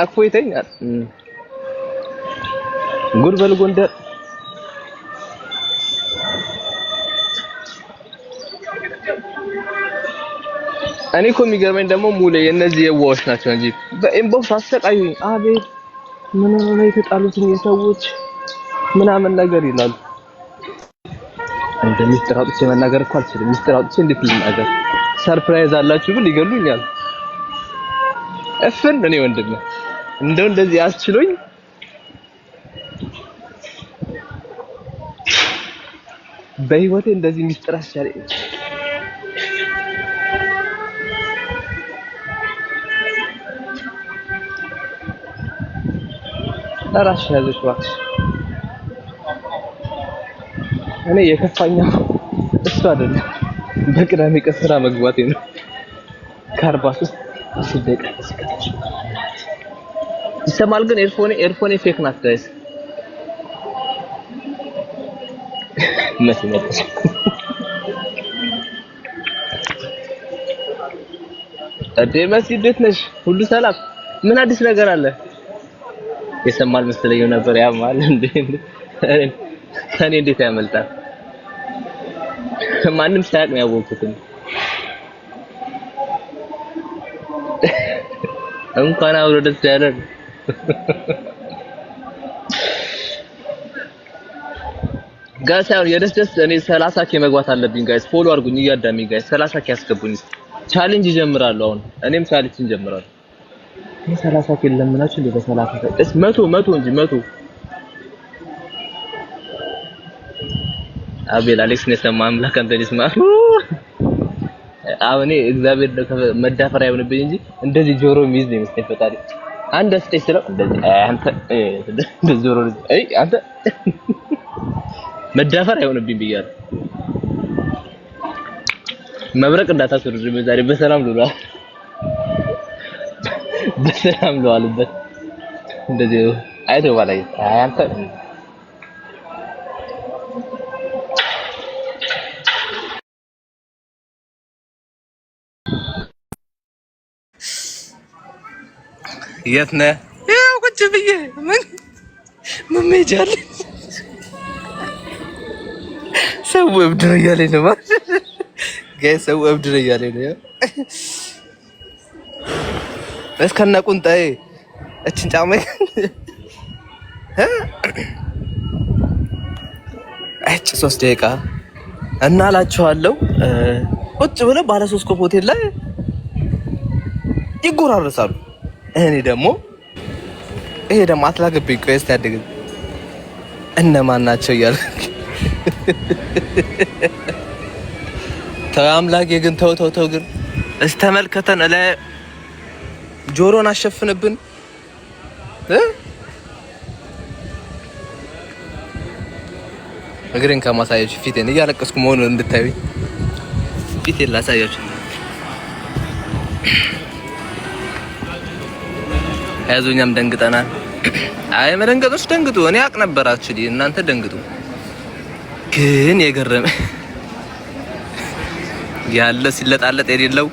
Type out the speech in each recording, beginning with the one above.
ቀፎ ይተኛል። ጉድ በል ጎንደር። እኔ እኮ የሚገርመኝ ደግሞ ሙሌ የእነዚህ የዋዎች ናቸው እንጂ በኢንቦክስ አሰቃዩኝ። አቤት ምን ነው የተጣሉትን የሰዎች ምናምን ነገር ይላሉ። እንደ ሚስጥር አውጥቼ መናገር እኮ አልችልም። ሚስጥር አውጥቼ እንዴት ልናገር? ሰርፕራይዝ አላችሁ ብል ይገሉኛል። እፍን እኔ ወንድም እንደው እንደዚህ አስችሎኝ በህይወቴ እንደዚህ ሚስጥር አስቻለኝ። ለራስሽ ያለሽ እባክሽ። እኔ የከፋኛ እሱ አይደለም፣ በቅዳሜ ቀን ስራ መግባቴ ነው። ከአርባ ሦስት አስር ደቂቃ ይሰማል ግን ኤርፎኔ ኤርፎኔ ፌክ ናት ጋይስ መስመጥ መሲ እንዴት ነሽ ሁሉ ሰላም ምን አዲስ ነገር አለ የሰማል መሰለኝ ነበር ያማል እንዴ ከእኔ እንዴት ያመልጣል ማንም ሳያውቅ ነው ያወቅኩት እንኳን አብሮ ደስ ያለን ጋይስ አሁን የደስ ደስ እኔ 30 ኬ መግባት አለብኝ። ጋይስ ፎሎ አድርጉኝ፣ እያዳሚኝ ጋይስ 30 ኬ አስገቡኝ። ቻሌንጅ ጀምራለሁ አሁን እኔም ቻሌንጅ እንጀምራለሁ። እኔ 30 ኬ ለምናችሁ እንደ 30 ኬ እስ 100 100 እንጂ 100 አቤል አሌክስ ነው የሰማ አምላክ አንተ ነው አሁን እኔ እግዚአብሔር መዳፈር አይሆንብኝ እንጂ እንደዚህ ጆሮ የሚይዝ ነው የመሰለኝ ፈጣሪ አንድ ስጤት ስለው አንተ አይ አንተ መዳፈር አይሆንብኝ ብያለሁ። መብረቅ እንዳታስወርድም በዛሬ በሰላም ልውሏል፣ በሰላም ልዋልበት። እንደዚህ አይቶ ባላይ አንተ የት ነህ? ያው ቁጭ ብዬ ምን ምን መሄጃለሁ። ሰው እብድ ነው እያለኝ ነው ማለት ጋይ፣ ሰው እብድ ነው እያለኝ ነው። እስከነ ቁንጣዬ እችን ጫማ እች ሶስት ደቂቃ እና እላችኋለሁ ቁጭ ብለው ባለ ሶስት ኮፍ ሆቴል ላይ ይጎራረሳሉ። እኔ ደግሞ ይሄ ደግሞ አትላግብኝ። ቆይ እስኪ ያደግ እነማን ናቸው እያለ ተው አምላኬ፣ ግን ተው ተው ተው ግን እስተመልከተን ላይ ጆሮን አሸፍንብን እግሬን ከማሳያችሁ ፊቴን እያለቀስኩ መሆኑን እንድታዩ ፊቴን ላሳያችሁ። ያዞኛም ደንግጠናል። አይ መደንገጦች ደንግጡ፣ እኔ አቅ ነበራችሁ እናንተ ደንግጡ። ግን የገረመ ያለ ሲለጣለጥ የሌለው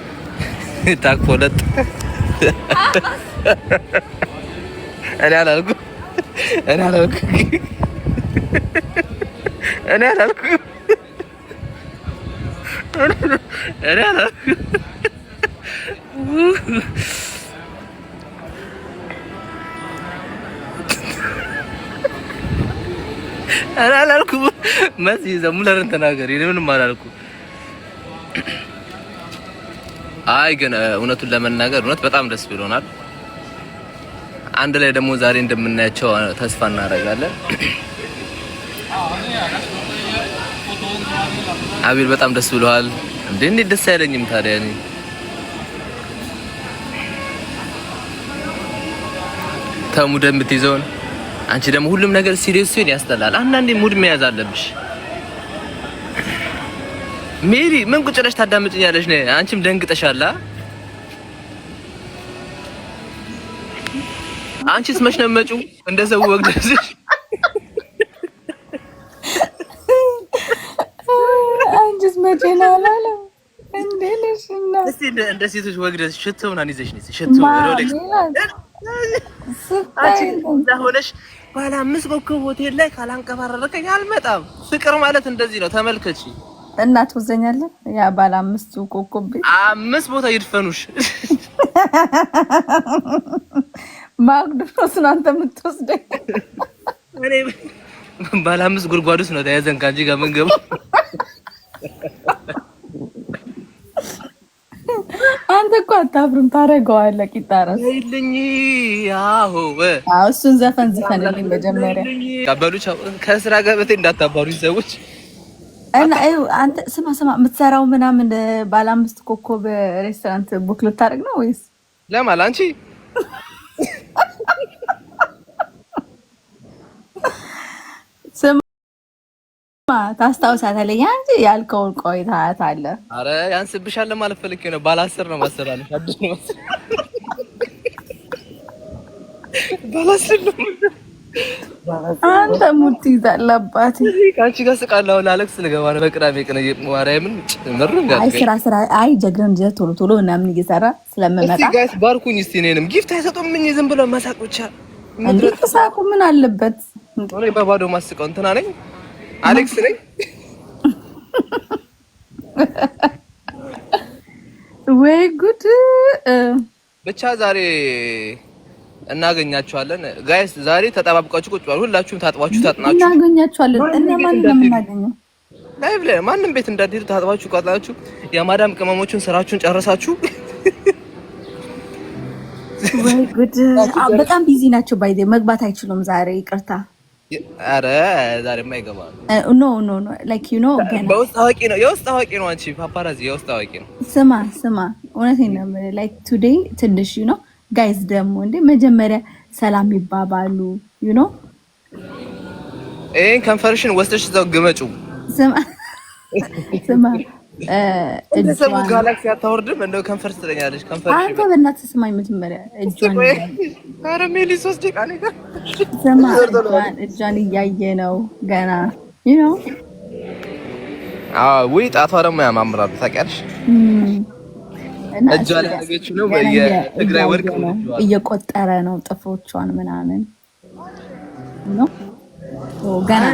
ታኮለጥ እኔ አላልኩ እኔ አላልኩ እኔ አላልኩ እኔ አላልኩ ኧረ አላልኩም። መሲ ዘሙለርን ተናገሪ። እኔ ምንም አላልኩም። አይ ግን እውነቱን ለመናገር እውነት በጣም ደስ ብሎናል። አንድ ላይ ደግሞ ዛሬ እንደምናያቸው ተስፋ እናደርጋለን። አቤል በጣም ደስ ብሎሃል እንዴ? እንዴት ደስ አይለኝም ታዲያ? እኔ ተሙ ደምት ይዘውን አንቺ ደግሞ ሁሉም ነገር ሲሪየስ ሲሆን ያስጠላል። አንዳንዴ ሙድ መያዝ አለብሽ። ሜሪ ምን ቁጭ ብለሽ ታዳምጭኛለሽ? ነይ አንቺም ደንግጠሻላ። አንቺስ መች ነው መጪው? እንደ ወግደሽ አንቺስ መቼ ነው አላለም እንዴ? ነሽ እና እስቲ እንደ ሴቶች ወግደሽ ሽቶ ምናምን ይዘሽ ነይ። ሽቶ ሮሌክስ አንቺ ሆነሽ ባለ አምስት ኮከብ ሆቴል ላይ ካላንቀባረርከኝ አልመጣም። ፍቅር ማለት እንደዚህ ነው። ተመልከቺ እና ትወዘኛለህ። ያ ባለ አምስቱ ኮከብ ቤት አምስት ቦታ ይድፈኑሽ። ማግዶስ ነው አንተ የምትወስደኝ። ባለ አምስት ጉድጓዱስ ነው ተያዘን ከአንቺ ጋር ምን አንተ እኮ አታፍርም፣ ታደርገዋለህ። ቂጣራ ልኝ እሱን ዘፈን ዝፈንልኝ መጀመሪያ። ከስራ ገበቴ እንዳታባሩ ሰዎች። አንተ ስማ ስማ፣ የምትሰራው ምናምን ባለ አምስት ኮከብ ሬስቶራንት ቡክ ልታደርግ ነው ወይስ ለማል አንቺ ታስታውሳታለህ? ያን ያልከውን ቆይታት አለ። አረ ያንስብሻል ማለት ፈልጌ ነው። ባለ ነው ማሰላለሽ አዲስ ነው ባላስር ነው። አንተ ሙት ይዛል ከአንቺ ጋር ስቃለሁ። አሁን አለቅስ ልገባ ነው። በቅዳሜ ቀን ማርያምን ጭምር አይ ስራ ስራ አይ ጀግረን ጀ ቶሎ ቶሎ ምናምን እየሰራ ስለምመጣ ጋይስ ባርኩኝ። እስቲ እኔንም ጊፍት አይሰጡም። አይሰጡምኝ ዝም ብለው መሳቅ ብቻ። እንዴት ሳቁ? ምን አለበት? በባዶ ማስቀው እንትና ነኝ አሌክስ ነኝ። ወይ ጉድ! ብቻ ዛሬ እናገኛቸዋለን። ጋይስ ዛሬ ተጠባብቃችሁ ቁጭ በሉ። ሁላችሁም ታጥባችሁ ታጥናችሁ እናገኛቸዋለን። እና ማን ነው ላይቭ ላይ ማንም ቤት እንዳትሄዱ ታጥባችሁ ቋጥናችሁ የማዳም ቅመሞችን ስራችሁን ጨረሳችሁ። ወይ ጉድ! በጣም ቢዚ ናቸው። ባይዜ መግባት አይችሉም ዛሬ ይቅርታ ኧረ ዛሬማ ይገባል። ኖ ኖ ኖ ላይክ ዩ ኖ ገና በውስጥ አዋቂ ነው፣ የውስጥ አዋቂ ነው። አንቺ ፓፓራዚ የውስጥ አዋቂ ነው። ስማ ስማ፣ እውነቴን ነው የምልህ። ላይክ ቱዴይ ትንሽ ዩ ኖ ጋይዝ ደግሞ እንደ መጀመሪያ ሰላም ይባባሉ ዩ ኖ። ይሄን ከንፈርሽን ወስደሽ እዛው ግመጩ። ስማ ስማ ቤተሰቡ ጋላክሲ አታወርድም። እንደው ከንፈር ስትለኛለች። ከንፈር አንተ በእናትህ ስማኝ፣ መጀመሪያ እጇን እያየ ነው ገና ነው። ውይ ጣቷ ደግሞ ያማምራሉ። ታውቂያለሽ፣ እጇ ነው። በየትግራይ ወርቅ እየቆጠረ ነው ጥፎቿን ምናምን ነው ገና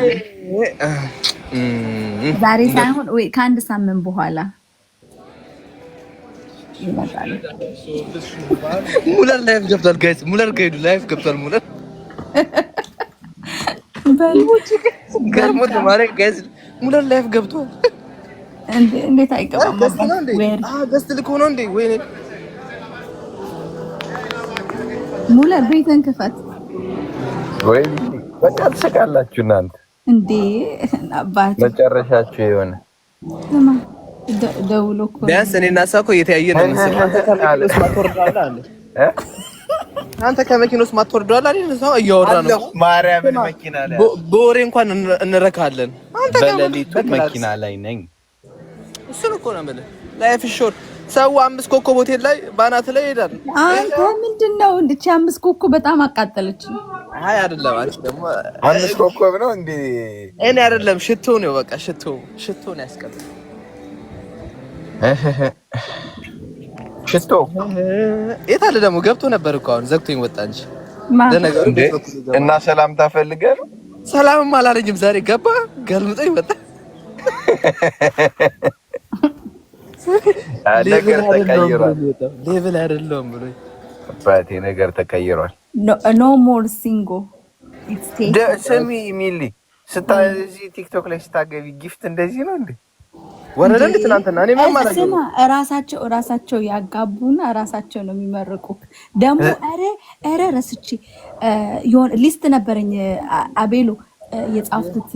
ዛሬ ሳይሆን ወይ ከአንድ ሳምንት በኋላ ሙለር ላይፍ ገብቷል። ጋይስ ሙለር ላይፍ ገብቷል። ሙለር ገርሞት ጋይስ ሙለር ላይፍ ገብቷል። እንዴት አይገባም? ገስት ልክ ሆኖ እንዴ! ወይኔ ሙለር ቤትን ክፈት። ወይ በቃ ትሰቃላችሁ እናንተ እንዴ መጨረሻችሁ የሆነ ደውሎ ቢያንስ እኔና እሷ እኮ እየተያየ ነው አንተ ከመኪና ውስጥ ማትወርደዋል አይደል? እሷ እያወራ ነው። ማርያምን መኪና ላይ በወሬ እንኳን እንረካለን። አንተ ከመኪና ላይ ነኝ። እሱን እኮ ነው የምልህ ላይፍ ሾርት ሰው አምስት ኮከብ ሆቴል ላይ ባናት ላይ ይሄዳል። አይ ምንድን ነው እንድች አምስት ኮከብ በጣም አቃጠለች። አይ አይደለም፣ አንቺ ደግሞ አምስት ኮከብ ነው እንዴ? እኔ አይደለም ሽቶ ነው በቃ ሽቶ ሽቶ ነው ያስቀምጥ ሽቶ የት አለ ደግሞ? ገብቶ ነበር እኮ አሁን ዘግቶኝ ወጣ እንጂ ለነገሩ እና ሰላምታ ፈልገህ ነው። ሰላምም አላለኝም ዛሬ ገባ ገልምጦኝ ወጣ። ነገር ተቀይሯል። ሌብል አይደለሁም ብሎ አባቴ ነገር ተቀይሯል። ኖ ሞር ሲንጎ ስሚ ሚሊ እዚህ ቲክቶክ ላይ ስታገቢ ጊፍት እንደዚህ ነው እንዴ? ወረደ እንዴ ትናንትና እኔ ስማ፣ ራሳቸው ራሳቸው ያጋቡና ራሳቸው ነው የሚመርቁ። ደግሞ ረ ረ ረስቼ ሊስት ነበረኝ አቤሎ የጻፍኩት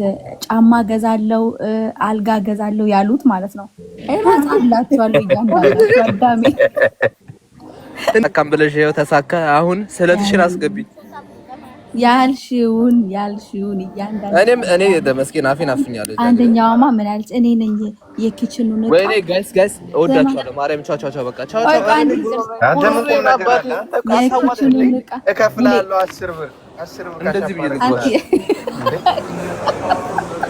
ጫማ ገዛለው፣ አልጋ ገዛለው ያሉት ማለት ነው። እራጻላቸዋለሁ ብለሽ ይኸው ተሳካ። አሁን ስለትሽን አስገቢ ያልሽውን ያልሽውን እያንዳንዱ እኔም እኔ ደመስኪን አፌን አፍኛለሁ። አንደኛውማ ምን አለች? እኔ ነኝ የኪችኑ ነው። ወይኔ ጋይስ ጋይስ እወዳችኋለሁ። ማርያም ቻው ቻው ቻው። በቃ ቻው ቻው። አንተ ምን ነው አባቱ እከፍላለሁ አስር ብር እንደዚህ ብዬ ልግባ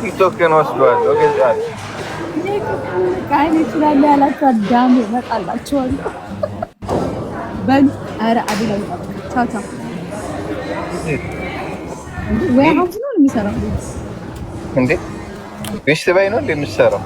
ቲክቶክን ወስደዋለሁ እገዛለሁ። ከአይኔ ይችላል ያላችሁ አዳሙ እመጣላችኋለሁ። በሉ ኧረ አቤላ ቻው ወይ ሀውስ ነው የሚሰራው እንዴ? ቤት ስባይ ነው እንደምትሰራው